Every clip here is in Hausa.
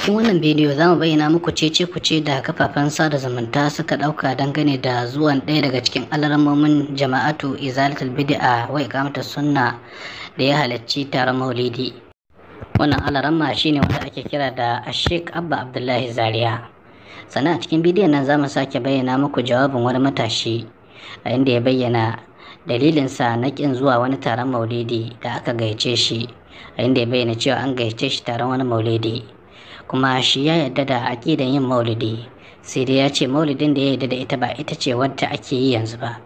cikin wannan bidiyo za mu bayyana muku cece kuce da kafafen sada zumunta suka dauka dangane da zuwan ɗaya daga cikin alarmomin jama'atu izalatul bid'a wa sunna da ya halarci taron maulidi wannan alarama shine wanda ake kira da ashek abba abdullahi zaria sannan a cikin bidiyon nan za mu sake bayyana muku jawabin wani matashi a inda ya bayyana dalilinsa na kin zuwa wani taron maulidi da aka gayyace shi a inda ya bayyana cewa an gayyace shi taron wani maulidi kuma shi ya yarda da aƙidan yin maulidi sai dai ya ce maulidin da ya yarda da ita ba ita ce wadda ake yi yanzu ba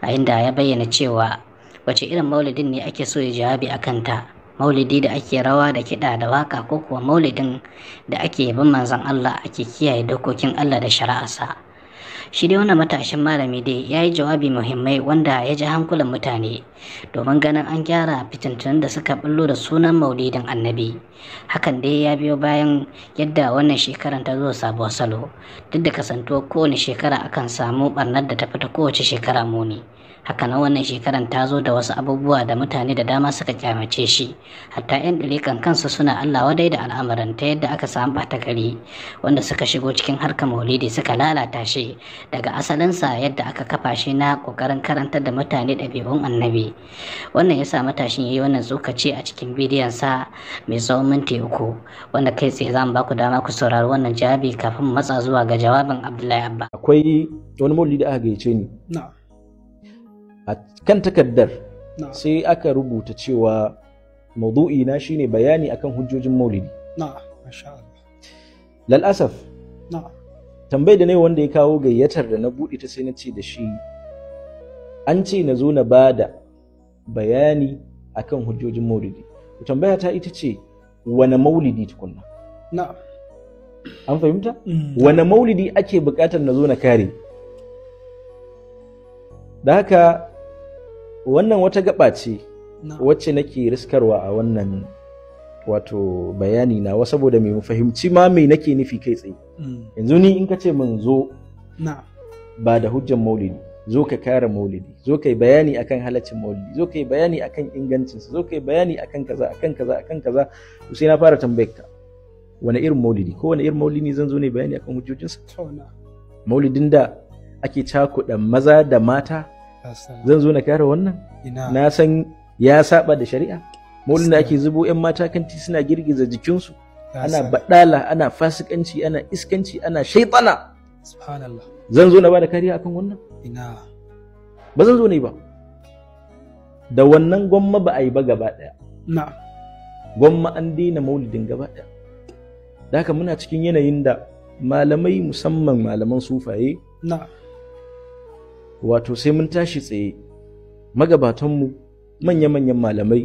a inda ya bayyana cewa wace irin maulidin ne ake so ya jawabi a kanta maulidi da ake rawa da kiɗa da waka ko kuwa maulidin da ake yabin manzon Allah ake kiyaye dokokin Allah da shari'arsa shi dai wannan matashin malami dai ya yi jawabi muhimmai wanda ya ji hankulan mutane domin ganin an gyara fitintun da suka bullo da sunan maulidin annabi hakan dai ya biyo bayan yadda wannan shekaran ta zo sabuwar salo duk da kasantuwar kowane shekara akan samu barnar da ta fita kowace shekara muni hakanan wannan shekaran ta zo da wasu abubuwa da mutane da dama suka kyamace shi hatta 'yan ɗarikan kansu suna allah wadai da al'amuran ta yadda aka samu bata gari wanda suka shigo cikin harkar maulidi suka lalata shi daga asalinsa yadda aka kafa shi na kokarin karantar da mutane ɗabi'un annabi wannan ya sa matashin ya yi wannan tsokaci a cikin bidiyon sa mai tsawon minti uku wanda kai tsaye za mu ba ku dama ku saurari wannan jawabi kafin matsa zuwa ga jawabin abdullahi abba akwai wani maulidi aka gayyace ni a kan takardar sai aka rubuta cewa maudu'i na shine bayani akan hujjojin maulidi lal asaf da ne wanda ya kawo gayyatar da na buɗe ta sai na ce da shi an ce na zo na ba da bayani akan hujjojin maulidi tambaya ta ita ce wane maulidi tukunna an fahimta mm. wane maulidi ake bukatar na zo na kare da haka wannan wata gaba ce wacce nake riskarwa a wannan wato bayani na saboda mai fahimci ma mai nake nufi kai tsaye mm. yanzu ni in ka ce min zo ba da hujjan maulidi zo ka kare maulidi zo ka yi bayani akan halaccin maulidi zo ka yi bayani akan ingancinsu. zo ka yi bayani akan kaza akan kaza akan kaza sai na fara tambayar ka wani irin maulidi ko wani irin maulidi zan zo ne bayani akan hujjojinsa maulidin da ake cakuɗa maza da mata zan zo na kare wannan na san ya saba da shari'a maulin da ake zubo yan mata kanti suna girgiza jikinsu ana badala ana fasikanci ana iskanci ana shaitana zan zo na ba da kariya akan wannan ba zan zo ne ba da wannan gwamma ba a yi ba gaba daya gwamma an daina maulidin gaba daya da haka muna cikin yanayin da malamai musamman malaman sufaye wato sai mun tashi tsaye magabatanmu manya-manyan malamai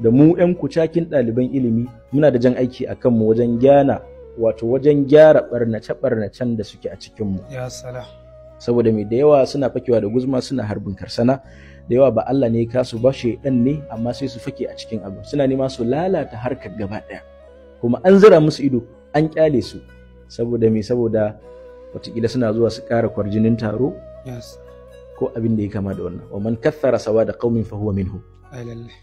da mu 'yan kucakin ɗaliban ilimi muna da jan aiki a kanmu wajen gyana wato wajen gyara ɓarnace-ɓarnacen da suke a cikinmu. Ya Saboda mai da yawa suna fakewa da guzma suna harbin karsana da yawa ba Allah ne kasu ba ɗan ne amma sai su fake a cikin abu suna nema su lalata harkar gaba ɗaya kuma an zira musu ido an kyale su saboda mai saboda watakila suna zuwa su ƙara kwarjinin taro. ko abin da ya kama da wannan wa kathara sawa da qaumin fa huwa minhu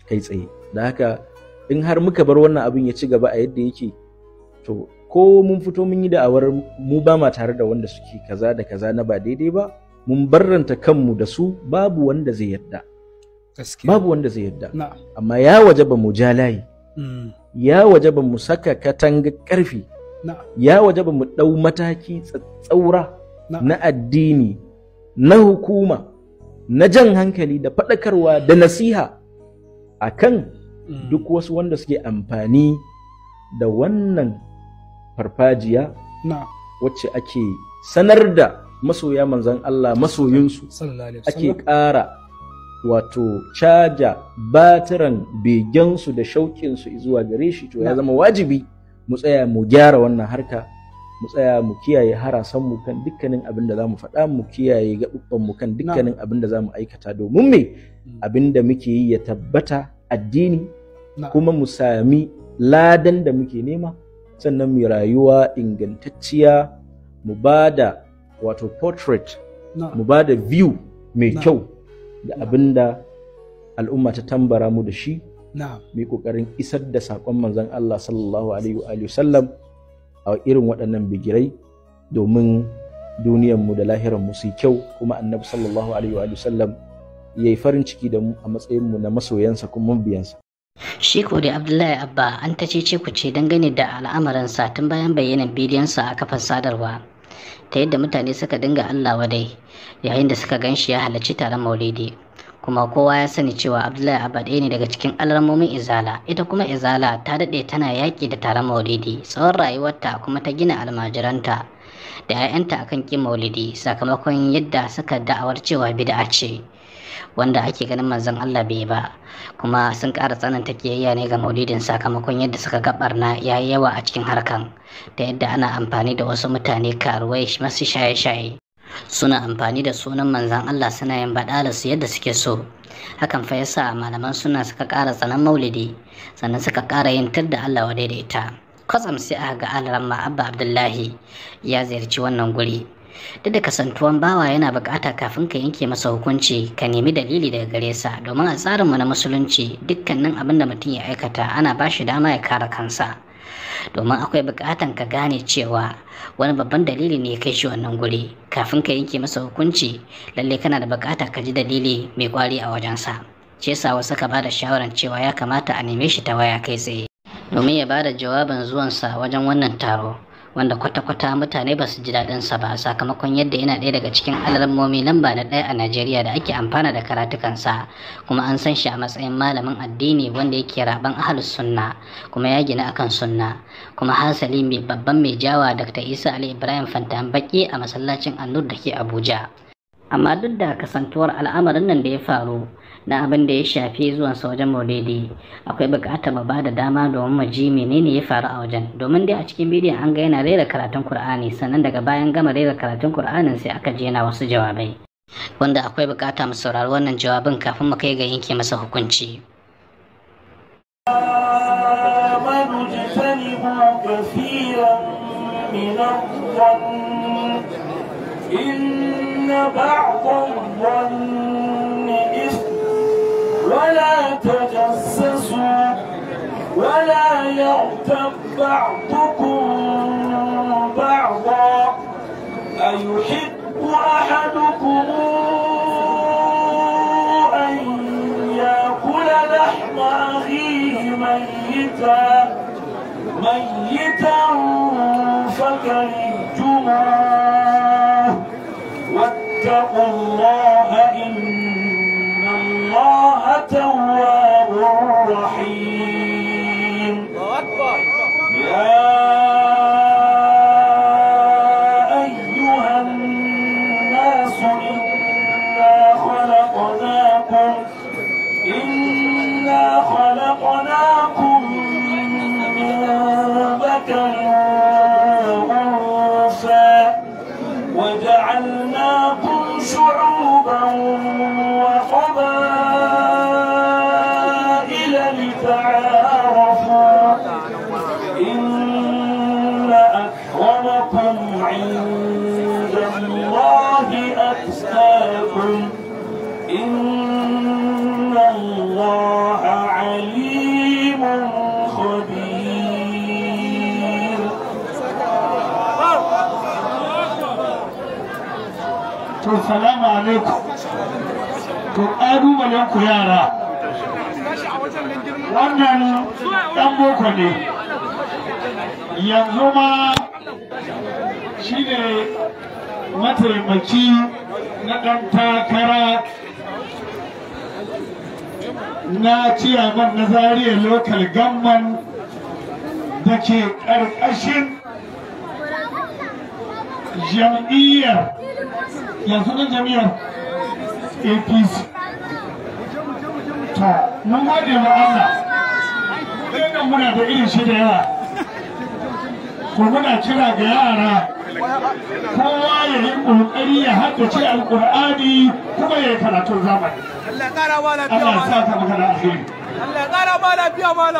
kai tsaye da haka in har muka bar wannan abin ya ci gaba a yadda yake to ko mun fito mun yi da'awar mu ba ma tare da wanda suke kaza da kaza na ba daidai ba mun barranta kanmu da su babu wanda zai yadda babu wanda zai yadda amma ya waje ba mu ja layi mm. ya waje ba mu saka katanga karfi ya waje ba mu ɗau mataki tsatsaura na addini na hukuma na jan hankali da faɗakarwa da nasiha a kan mm. duk wasu wanda suke amfani da wannan farfajiya wacce ake sanar da masoya manzan Allah masoyinsu ake ƙara wato caja batiran begensu da shauƙinsu zuwa gare shi to ya zama wajibi mu tsaya mu gyara wannan harka mu tsaya mu kiyaye harasan mu kan dukkanin abin da zamu faɗa mu kiyaye gaɓuɓɓan mu kan dukkanin abin da zamu aikata domin me mm. abin da muke yi ya tabbata addini kuma mu sami ladan da muke nema sannan mu rayuwa ingantacciya mu ba wato portrait mu ba da view mai kyau da abin da al'umma ta tambara mu da shi mu yi ƙoƙarin isar da saƙon manzon Allah sallallahu alaihi wa sallam a irin waɗannan bigirai domin duniyarmu da lahiranmu su kyau kuma annabi sallallahu alaihi wa sallam ya yi farin ciki da mu a matsayinmu na masoyansa kuma mabiyansa. Shi ko da Abdullahi Abba an ta ce ku ce dangane da al'amuransa tun bayan bayyanan bidiyonsa a kafan sadarwa ta yadda mutane suka dinga Allah wadai yayin da suka gan shi ya halarci taron maulidi. kuma kowa ya sani cewa abdullahi abba ne daga cikin alamomin izala ita kuma izala ta daɗe tana yaƙi da taron maulidi tsawon rayuwarta kuma ta gina almajiranta da 'ya'yanta akan ƙin maulidi sakamakon yadda suka da'awar cewa bid'a ce wanda ake ganin manzon Allah bai ba kuma sun ƙara tsananta kiyayya ne ga maulidin sakamakon yadda suka gabarna ya yi yawa a cikin harkan ta yadda ana amfani da wasu mutane karuwai masu shaye-shaye suna amfani da sunan manzan Allah suna yin su yadda suke so hakan fa yasa malaman suna suka ƙara tsanan maulidi sannan suka ƙara yin tadda da Allah wa da ita kwatsam sai aka ga alaran abba abdullahi ya ziyarci wannan guri duk da kasantuwan bawa yana bukata kafin ka yanke masa hukunci ka nemi dalili daga gare sa domin a tsarinmu na musulunci dukkanin abin da mutum ya aikata ana ba shi dama ya kare kansa domin akwai bukatan ka gane cewa wani babban dalili ne kai shi wannan guri kafin ka yanke masa hukunci lalle kana da bukata ka ji dalili mai kwari a wajensa ce yasa wasu ka bada shawaran cewa ya kamata a neme shi ta waya kai tsaye domin ya bada jawabin zuwansa wajen wannan taro wanda kwata-kwata mutane ba su ji daɗin sa ba sakamakon yadda yana ɗaya daga cikin alalmomi lamba na ɗaya a Najeriya da ake amfana da karatukansa kuma an san shi a matsayin malamin addini wanda yake raban ahlus sunna kuma ya gina akan sunna kuma hasali mai babban mai jawa Dr. Isa Ali Ibrahim Fantan Baki a masallacin Annur da ke Abuja. amma duk da kasantuwar al'amarin nan da ya faru na abin da ya shafi zuwan sa wajen maulidi akwai buƙatar mu da dama domin mu ji menene ya faru a wajen domin dai a cikin bidiyon an ga yana rera karatun Kur'ani sannan daga bayan gama rera karatun Kur'anin sai aka je yana wasu jawabai wanda akwai bukata mu saurari wannan jawabin kafin mu kai ga yanke masa hukunci. إن بعض الظن ولا تجسسوا ولا يغتب بعضكم بعضا أيحب أحدكم أن يأكل لحم أخيه ميتا ميتا فكرهتموه واتقوا الله إن الله تواب رحيم الله أكبر يا الله عليم خبير السلام عليكم ƙaru balanku yara wannan ɗan boko ne yanzu mataimaki na ɗan takara na ciyaman na zariya local gamman da ke ƙarƙashin jam'iyyar yanzu na jam'iyyar apc to mun gode ma Allah ɗaya muna da irin shi da yawa ko muna kira ga yara kowa ya yi ƙoƙari ya haddace alƙur'ani kuma ya yi karatun zamani Allah ya sa maka da alheri Allah ya ƙara ma lafiya in ba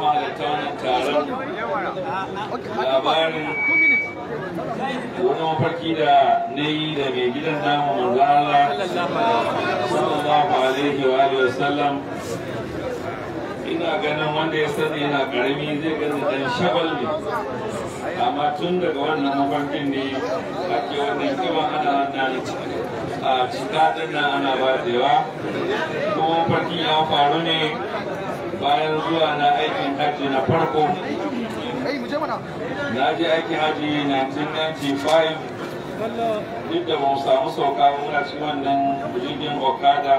ma da taron labarin wani mafarki da na yi da mai gidan namu manzala sallallahu alaihi wa alihi wasallam ina ganin wanda ya sani yana karami zai gani dan shabal ne amma tun daga wannan mafarkin ne ake wannan kima ana wannan a cika din ana bajewa kuma mafarkin ya faru ne bayan zuwa na aikin hajji na farko na je aikin haji 1995 duk da ba mu samu sauka muna cikin wannan jirgin okada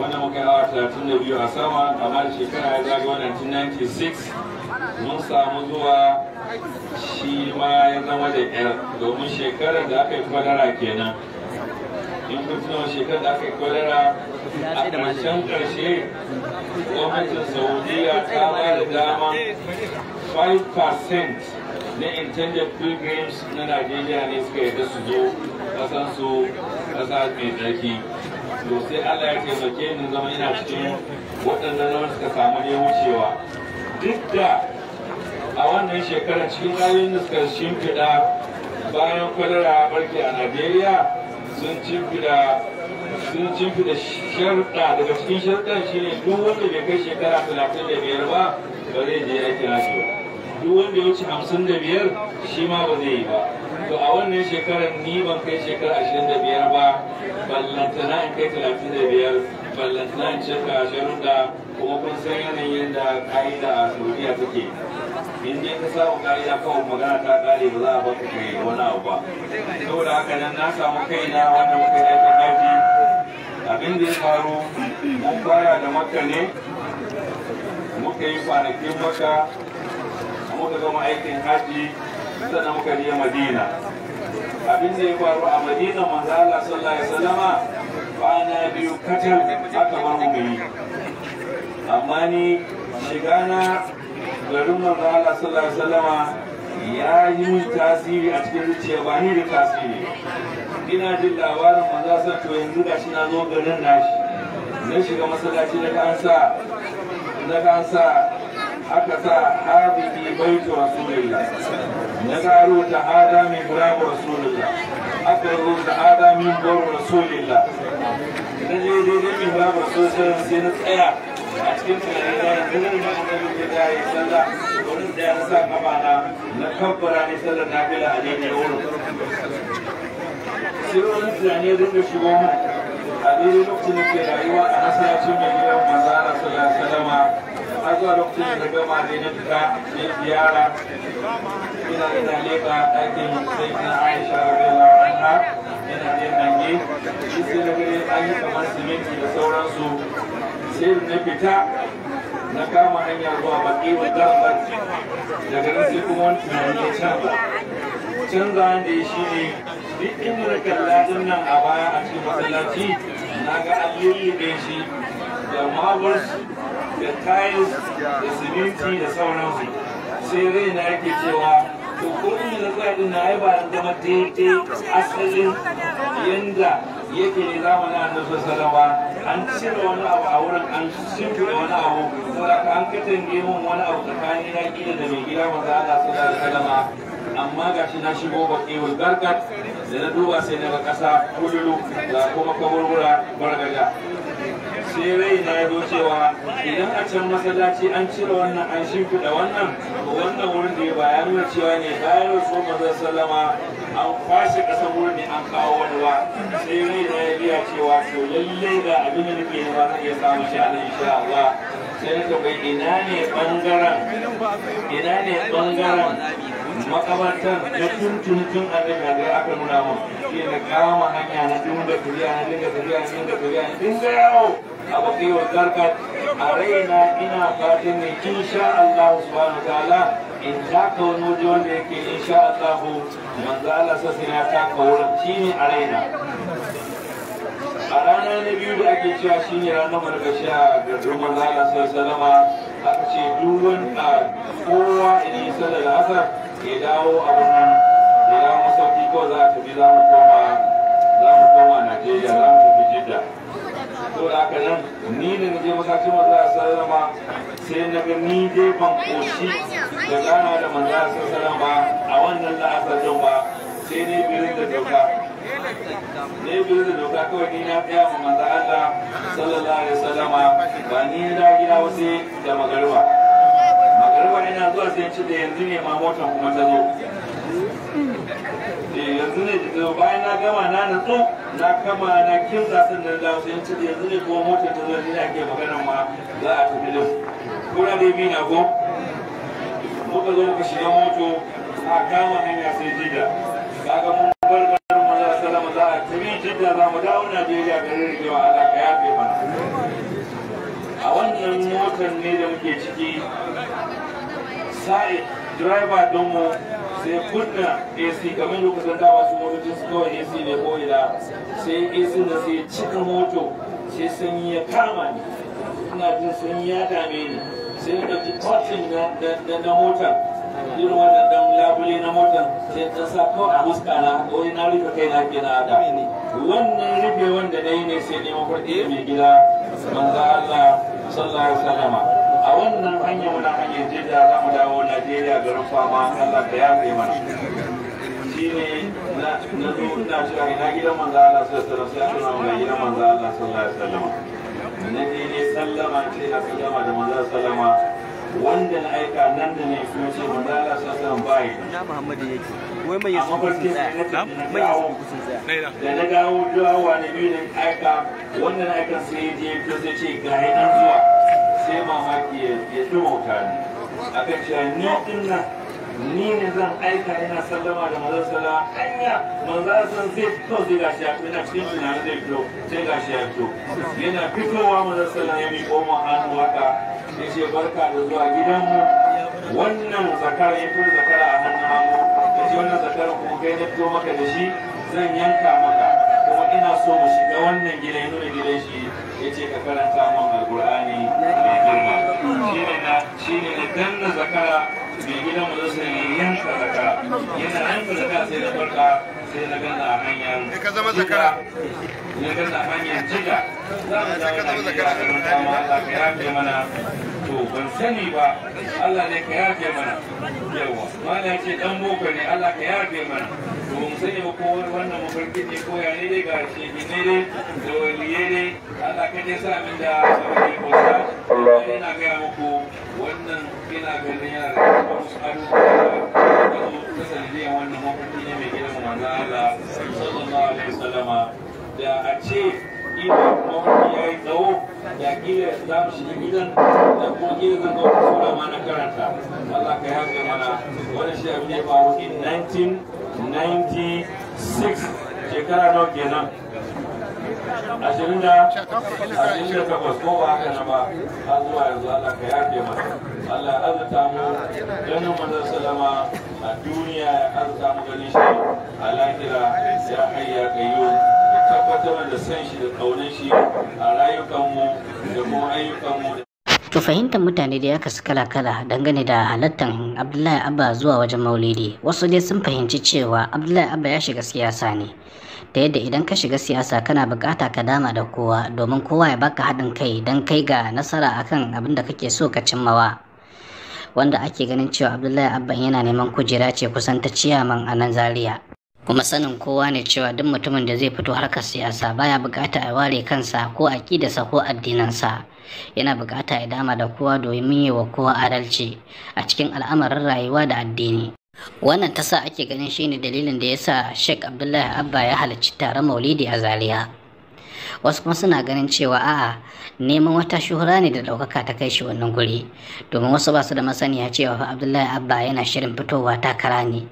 wanda muka yi hawa 32 a sama amma da shekara ya zagawa 1996 mun samu zuwa shi ma ya zama da yar domin shekarar da aka yi kwalara kenan in kun shekarar da aka yi kwalara a ƙarshen ƙarshe gwamnatin saudiya ta ba da dama 5% na intended pilgrims na Najeriya ne suka yarda su zo kasan su kasa mai tsarki to sai Allah ya taimake ni zama ina cikin waɗannan wanda suka samu ne wucewa duk da a wannan shekarar cikin ƙayoyin suka shimfiɗa bayan kwalara barke a Najeriya sun shimfiɗa sun shimfiɗa sharɗa daga cikin sharɗa shine duk wanda bai kai shekara talatin da biyar ba ba zai je aikin hajji ba duk wanda ya wuce hamsin da biyar shi ba zai yi ba to a wannan shekarar ni ban kai shekara ashirin da biyar ba ballantana in kai talatin da biyar ballantana in cika ashirin da kuma kun san yanayin yadda ka'ida a saudiya take in dai ka samu ka'ida magana ta kare ba za a baka kai wani abu ba saboda haka nan na samu kaina wanda muka yi abin da ya faru mun da maka ne muka yi kwanakin maka muka gama aikin haji sannan muka je madina abin da ya faru a madina manzo Allah sallallahu alaihi wasallama kwana biyu katal aka bar mu yi amma ni shiga na garin manzo Allah sallallahu alaihi wasallama ya yi min tasiri a cikin zuciya ba ni da tasiri ina jin labarin manzo san to yanzu shi na zo garin nashi na shiga masallaci da kansa na kansa aka sa hadisi baitu rasulillah Na karo ta adami burabu rasulillah aka zo ta adami burabu rasulillah na je daidai min burabu rasulillah sai na tsaya a cikin tunani na yanzu nan da aka yi da ya sallah wurin da ya sa kama na na kabbara ne sallar nafila a daidai wurin sai wani tunani ya dinga shigo mana a daidai lokacin da ke rayuwa a masallacin mai gidan manzo Allah sallallahu alaihi wasallama har zuwa lokacin da gama da na fita na ziyara ina ina leka ɗakin sayyidina Aisha radiyallahu anha yana da nange shi sai na gani an yi kamar siminti da sauransu sai na fita na kama hanya zuwa baki wa gabar daga nan sai kuma wani tunani ya canza canza da shi ne duk inda da kalladin nan a baya a cikin masallaci na ga an da shi da marbles da tiles da siminti da sauransu sai rai na yake cewa to ko inda na tsaya din na yi ba zama daidai asalin yanda yake ne zamanin annabi sallama an cire wani abu a wurin an shimfiɗa wani abu saboda an katange mun wani abu tsakanin na gida da mai gida manzo Allah sallallahu alaihi wasallama amma ga shi na shigo ba kewul gargat da na duba sai na ga kasa kululu da kuma kaburbura bargaga sai rai na ya cewa idan a can masallaci an cire wannan an shimfiɗa wannan wannan wurin da ya bayan nuna cewa ne bayan rasu mazan sallama an kwashe ƙasar wurin ne an kawo wani ba sai rai na ya biya cewa to lallai ga abin da nake ba zan iya samun shi a nan insha Allah sai na tambayi ina ne ina ne ɓangaren makabartar da tuntun tun a daga zai aka nuna mun shi na kama hanya na da tafiya na dinga tafiya na dinga tafiya na dinga yawo a bakiyar zarkat a raina ina fatan ne sha Allah subhanahu ta'ala in za ka wani waje wanda yake insha Allah manzo Allah sassi na taka wurin shi ne a raina a rana na biyu da ake cewa shi ne ranar markashi a gardin manzo Allah sallallahu alaihi aka ce duk wanda kowa idan ya sallar asar ya dawo abin nan ya dawo masauki kawai za a tafi za mu koma za mu koma najeriya za mu tafi jidda to da haka nan ni da na je masaukin manzo a sallama sai na ga ni dai ban koshi da gana da manza a sallama a wannan la'asar din ba sai ne birin da doka ne biyu da doka kawai ni na tsaya ma manza Allah sallallahu alaihi wasallama ba ni na gida wasu da magarba na zuwa sai ce da yanzu ne ma motar kuma ta zo yanzu ne da zo bayan na gama na natsu na kama na kimsa sannan da sai ce da yanzu ne kuma motar ta zo ne da ke magana ma za a tafi da kuna da bi na go? muka zo muka shiga moto a kama hanya sai jida kaga mun bar garin mu za salama za a tafi jidda za mu dawo Najeriya garin rigewa Allah ka yafe mana a wannan motar ne da muke ciki sai driver don mu sai kunna ac kamar lokacin da wasu motocin su kawai ac ne ko ila sai ac na sai cika moto sai sanyi ya kama ni ina jin sanyi ya dame ni sai na ɗauki cotton na mota irin wannan dan labule na motan sai ta sa kawai a huska na wani na rufe kai na ke na da wannan rufe wanda na yi ne sai ne mafarki mai gida manzo Allah sallallahu alaihi wasallama a wannan hanyar najeriya garin fama allah da ya kai mana shi ne na zo shi a ina gidan manzo allah sallallahu alaihi wasallam sai tuna gidan manzo allah sallallahu alaihi wasallam na je ne sallama ce na sallama da manzo sallama wanda na aika nan da ne kuma ce manzo allah sallallahu alaihi wasallam bai na muhammadu yake wai mai yasu kusun tsaya mai yasu kusun tsaya da na gawo dawowa ne biyu ne aika wanda na aika sai je ko sai ce ga nan zuwa sai mamaki ya dumauta ni aka cewa ni dinna ni ne zan aika yana sallama da mazan sallah hanya manzan san zai fito zai gashi ya fito yana cikin tunanin zai fito sai gashi ya fito yana fitowa mazan sallah ya miƙo mu hannu haka ya ce barka da zuwa gidanmu wannan zakara ya fito zakara a hannun hannu ya ce wannan zakara kuma kai na fito maka da shi zan yanka maka Ina so mu shiga wannan gida ya nuna gidan shi ya ce ka karanta mun alkur'ani mai girma shi na shine na danna zakara mai gidan mu zai ne yanka zakara yana yanka zakara sai na farka sai na ganna a hanyar ka zama zakara ne ka a hanyar jiga za mu zama zakara ka zama Allah ka yafe mana to ban sani ba Allah ne ka yafe mana yawa mala ce dan boko ne Allah ka yafe mana to mu sani ba ko wannan mafarki ne ko ya ne dai ga shehine ne da waliye ne Allah ka dai sa da wani kusa Allah ina ga muku wannan ina ganin yana da wasu abubuwa da sanadiyar wannan mafarki ne mai gidan manzo Allah sallallahu alaihi wasallama da a ce ina mafarki ya yi tsawo da kila za mu shiga gidan da kuma kila zan ga wata sura ma karanta Allah ka yafe mana wannan shi abin da ya faru 19 96 shekara nawa kenan ashirin da ashirin da takwas ko ba haka na ba har zuwa yanzu Allah ka yafe mata Allah ya arzuta mu ganin manzon salama a duniya ya arzuta mu ganin shi a lahira ya hayya kayyum tabbatar da san shi da kaunar shi a rayukanmu da kuma da. To fahimtar mutane da ya kasu kala-kala dangane da halattan Abdullahi Abba zuwa wajen maulidi. Wasu dai sun fahimci cewa Abdullahi Abba ya shiga siyasa ne. ta yadda idan ka shiga siyasa kana bukata ka dama da kowa domin kowa ya baka haɗin kai don kai ga nasara akan abin da kake so ka cimmawa. Wanda ake ganin cewa Abdullahi Abba yana neman kujera ce kusan ta ciyaman a nan Zaria. kuma sanin kowa ne cewa duk mutumin da zai fito harkar siyasa baya bukata a ware kansa ko aƙidarsa ko addinansa yana bukata ya dama da kowa domin yi wa kowa adalci a cikin al'amarin rayuwa da addini wannan ta sa ake ganin shine dalilin da ya sa sheik abdullahi abba ya halarci taron maulidi a zaria wasu kuma suna ganin cewa a'a neman wata shuhura ne da ɗaukaka ta kai shi wannan guri domin wasu ba su da masaniya cewa fa abdullahi abba yana shirin fitowa takara ne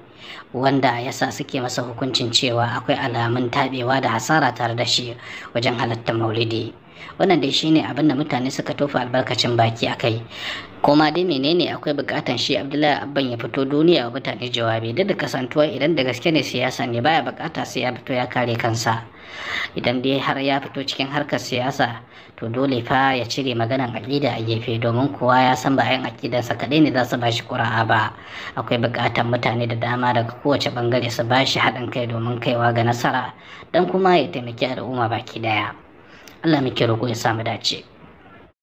wanda ya sa suke masa hukuncin cewa akwai alamun tabewa da hasara tare da shi wajen halatta maulidi wannan dai shine abin da mutane suka tofa albarkacin baki a kai koma dai menene akwai bukatan shi abdullahi abban ya fito duniya wa mutane jawabi duk da kasantuwa idan da gaske ne siyasa ne baya bukata sai ya fito ya kare kansa idan dai har ya fito cikin harkar siyasa to dole fa ya cire maganan aƙida a gefe domin kowa ya san ba yan sa kaɗai ne za su ba shi ƙura'a ba akwai bukatan mutane da dama daga kowace bangare su ba shi haɗin kai domin kaiwa ga nasara don kuma ya taimaki al'umma baki ɗaya. Allah muke roƙo ya samu dace